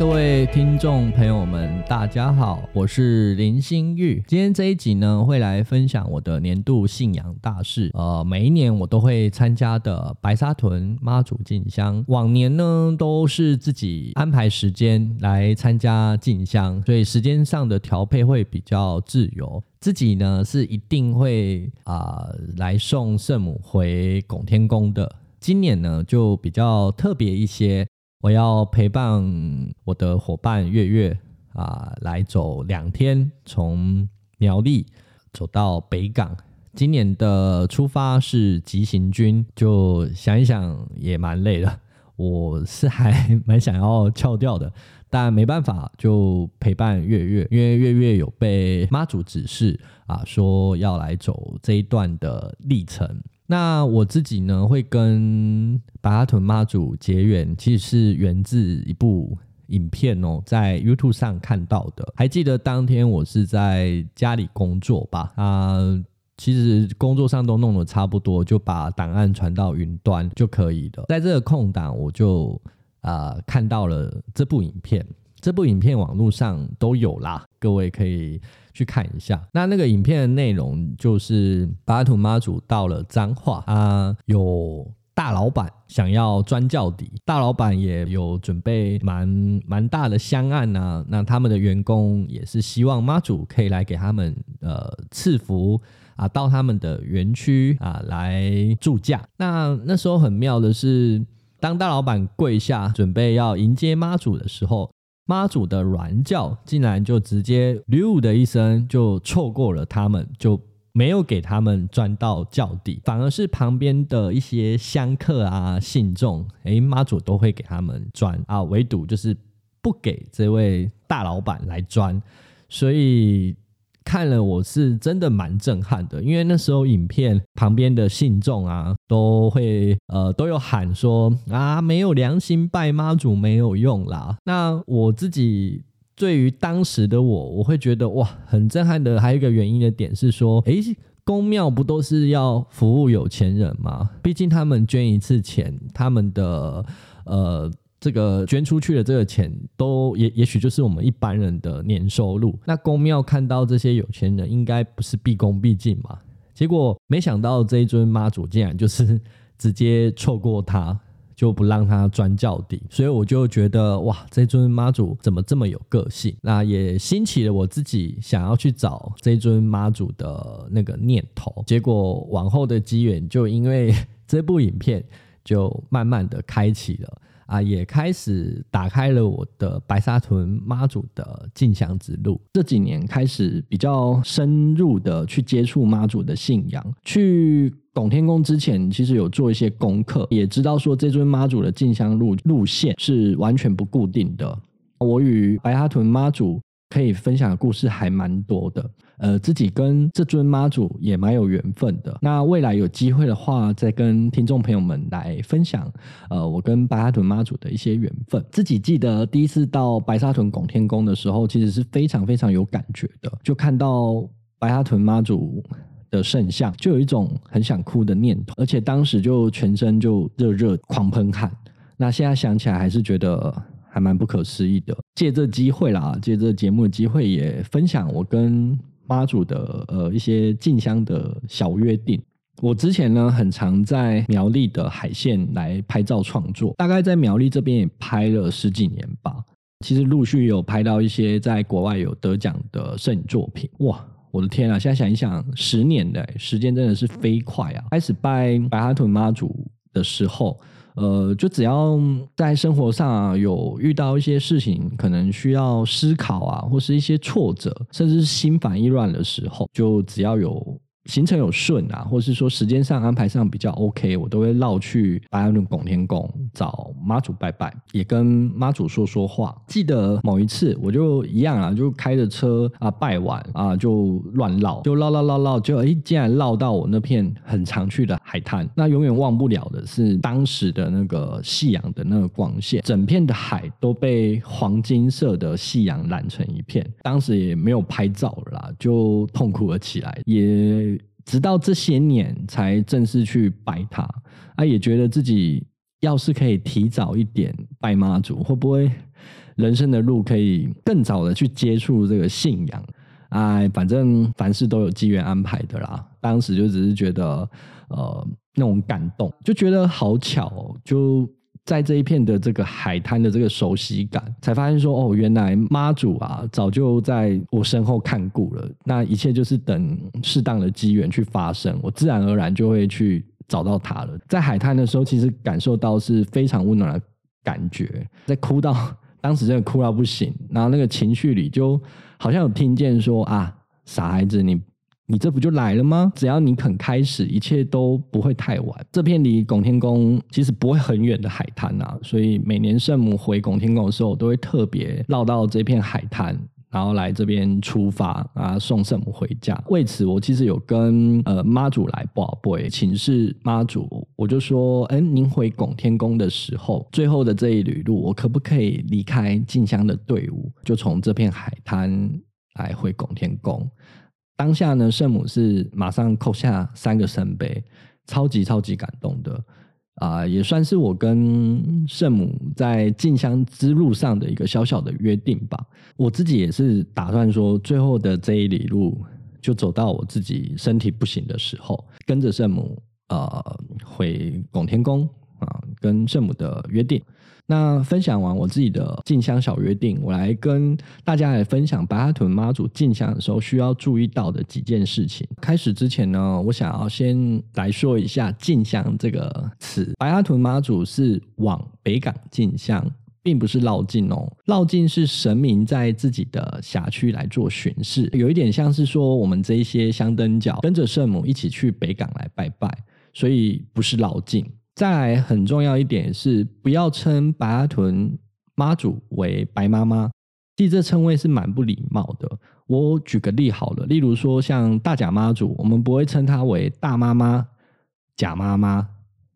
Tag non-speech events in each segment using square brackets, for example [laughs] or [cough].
各位聽眾朋友們，大家好，我是林興裕。今天這一集呢，會來分享我的年度信仰大事。呃，每一年我都會參加的白沙屯媽祖進香。往年呢，都是自己安排時間來參加進香，所以時間上的調配會比較自由。自己呢，是一定會啊、呃、來送聖母回拱天宮的。今年呢，就比較特別一些。我要陪伴我的伙伴月月啊，來走兩天，從苗栗走到北港。今年的出發是急行軍，就想一想也蠻累的。我是還蠻想要翹掉的，但沒辦法，就陪伴月月，因為月月有被媽祖指示啊，說要來走這一段的歷程。那我自己呢，會跟白沙屯媽祖結緣，其實是源自一部影片哦，在 YouTube 上看到的。還記得當天我是在家裡工作吧？啊、呃，其實工作上都弄得差不多，就把檔案傳到雲端就可以了。在這個空檔，我就啊、呃、看到了這部影片。這部影片網絡上都有啦，各位可以。去看一下，那那個影片的內容就是巴圖媽祖到了彰化啊，有大老板想要鑽轎底，大老板也有準備蠻蠻大的香案吶、啊，那他們的員工也是希望媽祖可以來給他們呃賜福啊，到他們的園區啊來駐駕，那那時候很妙的是，當大老板跪下準備要迎接媽祖的時候。媽祖的鸞轎竟然就直接“溜”的一聲就錯過了他們，就沒有給他們鑽到轎底，反而是旁邊的一些香客啊、信眾，哎、欸，媽祖都會給他們鑽啊，唯獨就是不給這位大老板來鑽，所以。看了我是真的蠻震撼的，因為那時候影片，旁邊的信眾啊，都會呃都有喊說，啊沒有良心拜媽祖沒有用啦。那我自己對於當時的我，我會覺得哇，很震撼的。還有一個原因的點是說，誒，公廟不都是要服務有錢人嗎？畢竟他們捐一次錢，他們的呃。這個捐出去的這個錢都也也許就是我們一般人的年收入。那公廟看到這些有錢人，應該不是畢恭畢敬嘛？結果沒想到這一尊媽祖竟然就是直接錯過他，就不讓他鑽轎底，所以我就覺得哇，這尊媽祖怎麼這麼有個性？那也興起了我自己想要去找這尊媽祖的那個念頭。結果往後的機緣就因為 [laughs] 這部影片，就慢慢的開啟了。啊，也開始打開了我的白沙屯媽祖的進香之路。這幾年開始比較深入的去接觸媽祖的信仰。去拱天宮之前，其實有做一些功課，也知道說這尊媽祖的進香路路線是完全不固定的。我與白沙屯媽祖可以分享的故事還蠻多的。呃，自己跟這尊媽祖也蠻有緣分的。那未來有機會的話，再跟聽眾朋友們來分享。呃，我跟白沙屯媽祖的一些緣分。自己記得第一次到白沙屯拱天宮的時候，其實是非常非常有感覺的。就看到白沙屯媽祖的聖像，就有一種很想哭的念頭，而且當時就全身就熱熱狂噴汗。那現在想起來還是覺得還蠻不可思議的。借這機會啦，借這節目的機會也分享我跟。媽祖的呃一些進香的小約定，我之前呢很常在苗栗的海線來拍照創作，大概在苗栗這邊也拍了十幾年吧。其實陸續有拍到一些在國外有得獎的攝影作品，哇，我的天啊！現在想一想，十年的時間真的是飛快啊！開始拜白沙屯媽祖的時候。呃，就只要在生活上啊，有遇到一些事情，可能需要思考啊，或是一些挫折，甚至是心煩意亂的時候，就只要有行程有順啊，或是說時間上安排上比較 OK，我都會繞去白沙屯拱天宮找媽祖拜拜，也跟媽祖說說話。記得某一次，我就一樣啊，就開着車啊拜完啊就亂繞，就繞繞繞繞，就哎、欸，竟然繞到我那片很常去的海灘。那永遠忘不了的是當時的那個夕陽的那個光線，整片的海都被黃金色的夕陽染成一片。當時也沒有拍照了啦。就痛哭了起來，也直到這些年才正式去拜他啊，也覺得自己要是可以提早一點拜媽祖，會不會人生的路可以更早的去接觸這個信仰？哎、啊，反正凡事都有機緣安排的啦。當時就只是覺得，呃，那種感動，就覺得好巧、喔，就。在這一片的這個海灘的這個熟悉感，才發現說哦，原來媽祖啊，早就在我身後看顧了。那一切就是等適當的機緣去發生，我自然而然就會去找到他了。在海灘的時候，其實感受到是非常溫暖的感覺，在哭到當時真的哭到不行，然後那個情緒裡就好像有聽見說啊，傻孩子，你。你這不就來了嗎？只要你肯開始，一切都不會太晚。這片離拱天宮其實不會很遠的海灘啊，所以每年聖母回拱天宮的時候，我都會特別繞到這片海灘，然後來這邊出發啊，送聖母回家。為此，我其實有跟呃媽祖來報備，請示媽祖，我就說：哎，您回拱天宮的時候，最後的這一旅路，我可不可以離開進香的隊伍，就從這片海灘來回拱天宮？當下呢，聖母是馬上扣下三個聖杯，超級超級感動的啊、呃，也算是我跟聖母在進香之路上的一個小小的約定吧。我自己也是打算說，最後的這一里路就走到我自己身體不行的時候，跟着聖母呃回拱天宮啊、呃，跟聖母的約定。那分享完我自己的進香小約定，我來跟大家來分享白沙屯媽祖進香的時候需要注意到的幾件事情。開始之前呢，我想要先來說一下“進香”這個詞。白沙屯媽祖是往北港進香，並不是繞境哦。繞境是神明在自己的轄區來做巡視，有一點像是說我們這一些香燈腳跟着聖母一起去北港來拜拜，所以不是繞境。再來很重要一點是，不要稱白沙屯媽祖為白媽媽，其實這稱謂是蠻不禮貌的。我舉個例好了，例如說像大甲媽祖，我們不會稱她為大媽媽、甲媽媽，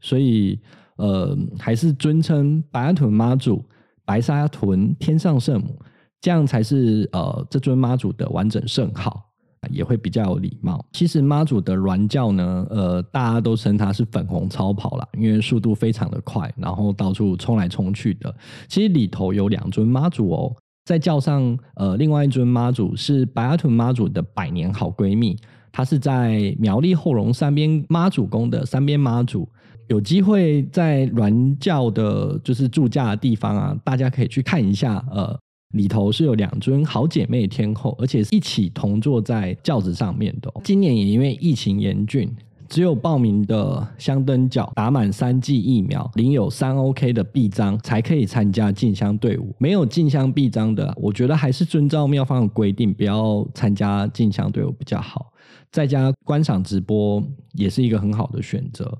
所以呃，還是尊稱白沙屯媽祖、白沙屯天上聖母，這樣才是呃這尊媽祖的完整聖號。也會比較有禮貌。其實媽祖的鑾轎呢，呃，大家都稱它是粉紅超跑啦，因為速度非常的快，然後到處衝來衝去的。其實裡頭有兩尊媽祖哦，在轎上，呃，另外一尊媽祖是白沙屯媽祖的百年好閨蜜，她是在苗栗後龍三邊媽祖宮的三邊媽祖，有機會在鑾轎的，就是駐駕的地方啊，大家可以去看一下，呃。裡頭是有兩尊好姐妹的天後，而且是一起同坐在轎子上面的。今年也因為疫情嚴峻，只有報名的香燈腳打滿三劑疫苗，領有三 OK 的臂章，才可以參加進香隊伍。沒有進香臂章的，我覺得還是遵照廟方的規定，不要參加進香隊伍比較好。在家觀賞直播也是一個很好的選擇。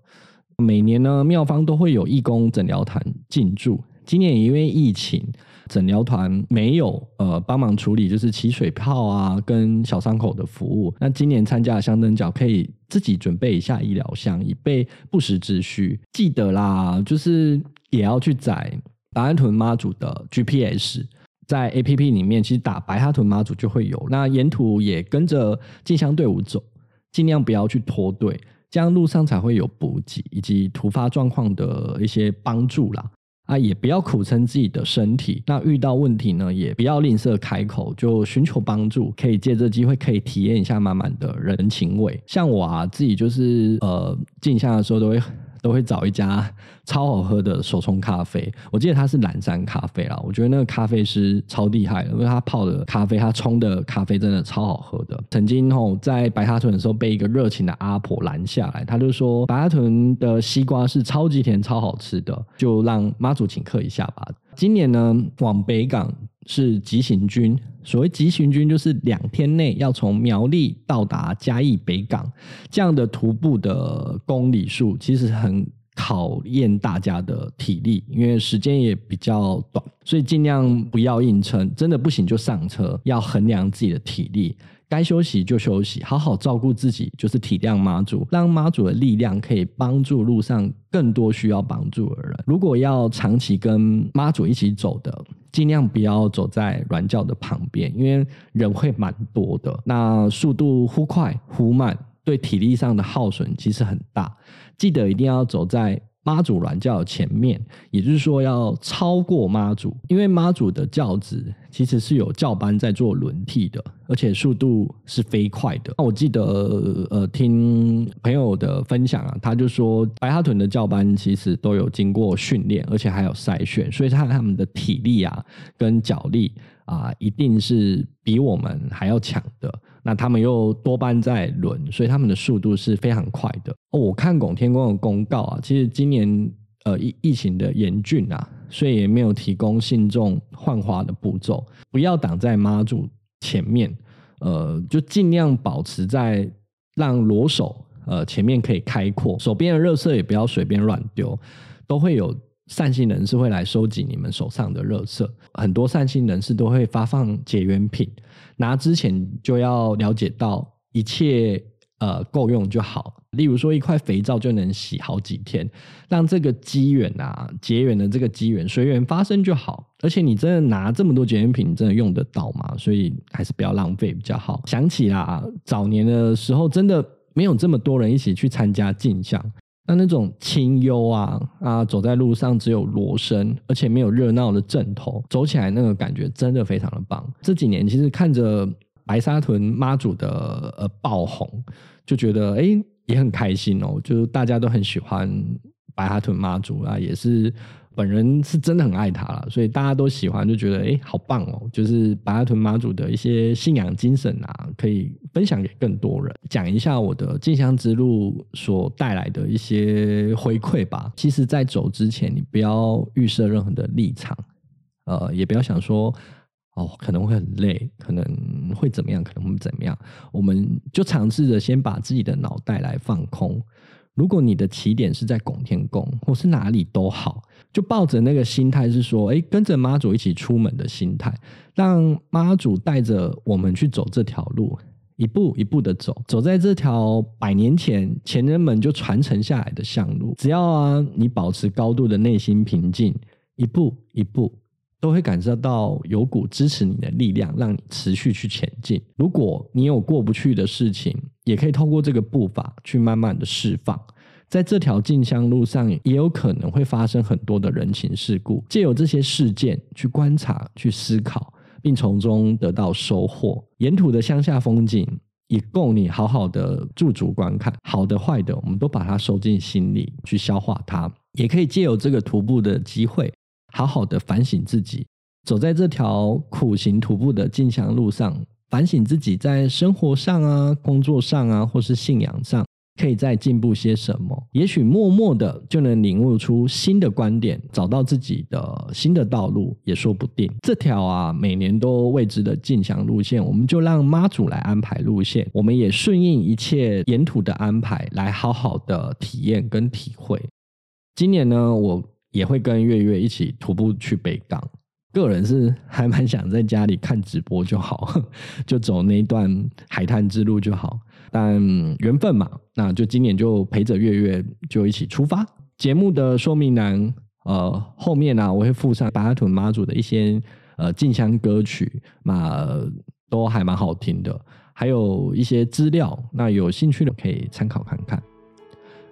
每年呢，廟方都會有義工診療團進駐，今年也因為疫情。診療團沒有呃幫忙處理，就是起水泡啊跟小傷口的服務。那今年參加的香燈腳可以自己準備一下醫療箱，以備不時之需。記得啦，就是也要去載白沙屯媽祖的 GPS，在 APP 裡面其實打白沙屯媽祖就會有。那沿途也跟着進香隊伍走，儘量不要去拖隊，這樣路上才會有補給以及突發狀況的一些幫助啦。啊，也不要苦撐自己的身體，那遇到問題呢，也不要吝嗇開口，就尋求幫助，可以借這機會可以體驗一下滿滿的人情味。像我啊自己就是呃，進香的時候都會。都會找一家超好喝的手沖咖啡，我記得他是藍山咖啡啦。我覺得那個咖啡師超厲害的，因為他泡的咖啡，他沖的咖啡真的超好喝的。曾經吼、哦、在白沙屯的時候，被一個熱情的阿婆攔下來，他就說白沙屯的西瓜是超級甜，超好吃的，就讓媽祖請客一下吧。今年呢，往北港，是急行軍，所謂急行軍就是兩天內要從苗栗到達嘉義北港，這樣的徒步的公里數其實很考驗大家的體力，因為時間也比較短，所以盡量不要硬撐，真的不行就上車，要衡量自己的體力，該休息就休息，好好照顧自己，就是體諒媽祖，讓媽祖的力量可以幫助路上更多需要幫助的人。如果要長期跟媽祖一起走的。盡量不要走在軟轎的旁邊，因為人會蠻多的。那速度忽快忽慢，對體力上的耗損其實很大。記得一定要走在。媽祖鑾轎前面，也就是說要超過媽祖，因為媽祖的轎子其實是有轎班在做輪替的，而且速度是飛快的。那我記得呃，聽朋友的分享啊，他就說白沙屯的轎班其實都有經過訓練，而且還有篩選，所以他他們的體力啊跟腳力。啊，一定是比我們還要強的。那他們又多半在輪，所以他們的速度是非常快的。哦，我看拱天宮的公告啊，其實今年呃疫疫情的嚴峻啊，所以也沒有提供信眾換花的步驟。不要擋在媽祖前面，呃，就盡量保持在讓羅手呃前面可以開闊，手邊的熱色也不要隨便亂丟，都會有。善心人士會來收集你們手上的垃圾，很多善心人士都會發放結緣品，拿之前就要了解到一切呃夠用就好。例如說一塊肥皂就能洗好幾天，讓這個機緣啊結緣的這個機緣隨緣發生就好。而且你真的拿這麼多結緣品，真的用得到嗎？所以還是不要浪費比較好。想起啦，早年的時候真的沒有這麼多人一起去參加進香。那那種清幽啊，啊，走在路上只有鑼聲，而且沒有熱鬧的陣頭，走起來那個感覺真的非常的棒。這幾年其實看着白沙屯媽祖的呃爆紅，就覺得哎、欸，也很開心哦、喔，就大家都很喜歡白沙屯媽祖啊，也是。本人是真的很愛他了，所以大家都喜歡，就覺得哎、欸，好棒哦、喔！就是白沙屯媽祖的一些信仰精神啊，可以分享給更多人。講一下我的進香之路所帶來的一些回饋吧。其實，在走之前，你不要預設任何的立場，呃，也不要想說哦，可能會很累，可能會怎麼樣，可能會怎麼樣。我們就嘗試着先把自己的腦袋來放空。如果你的起點是在拱天宮，或是哪裡都好。就抱着那個心態是說，哎，跟着媽祖一起出門的心態，讓媽祖帶着我們去走這條路，一步一步的走，走在這條百年前前人們就傳承下來的香路。只要啊，你保持高度的內心平靜，一步一步都會感受到有股支持你的力量，讓你持續去前進。如果你有過不去的事情，也可以透過這個步伐去慢慢的釋放。在這條進香路上，也有可能會發生很多的人情世故。借由這些事件去觀察、去思考，並從中得到收穫。沿途的鄉下風景也夠你好好的駐足觀看，好的、壞的，我們都把它收進心裡去消化它。也可以借由這個徒步的機會，好好的反省自己。走在這條苦行徒步的進香路上，反省自己在生活上啊、工作上啊，或是信仰上。可以再進步些什麼？也許默默的就能領悟出新的觀點，找到自己的新的道路也說不定。這條啊，每年都未知的進香路線，我們就讓媽祖來安排路線，我們也順應一切沿途的安排來好好的體驗跟體會。今年呢，我也會跟月月一起徒步去北港。個人是還蠻想在家裡看直播就好，就走那一段海灘之路就好。但緣分嘛，那就今年就陪着月月就一起出發。節目的說明欄，呃，後面呢，啊，我會附上白沙屯媽祖的一些呃進香歌曲，那都還蠻好聽的，還有一些資料，那有興趣的可以參考看看。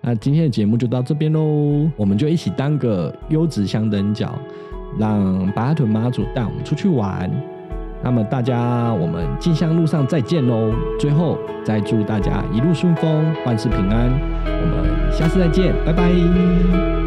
那今天的節目就到這邊嘍，我們就一起當個優質香燈腳，讓白沙屯媽祖帶我們出去玩。那麼大家，我們進香路上再見嘍！最後再祝大家一路順風，萬事平安。我們下次再見，拜拜。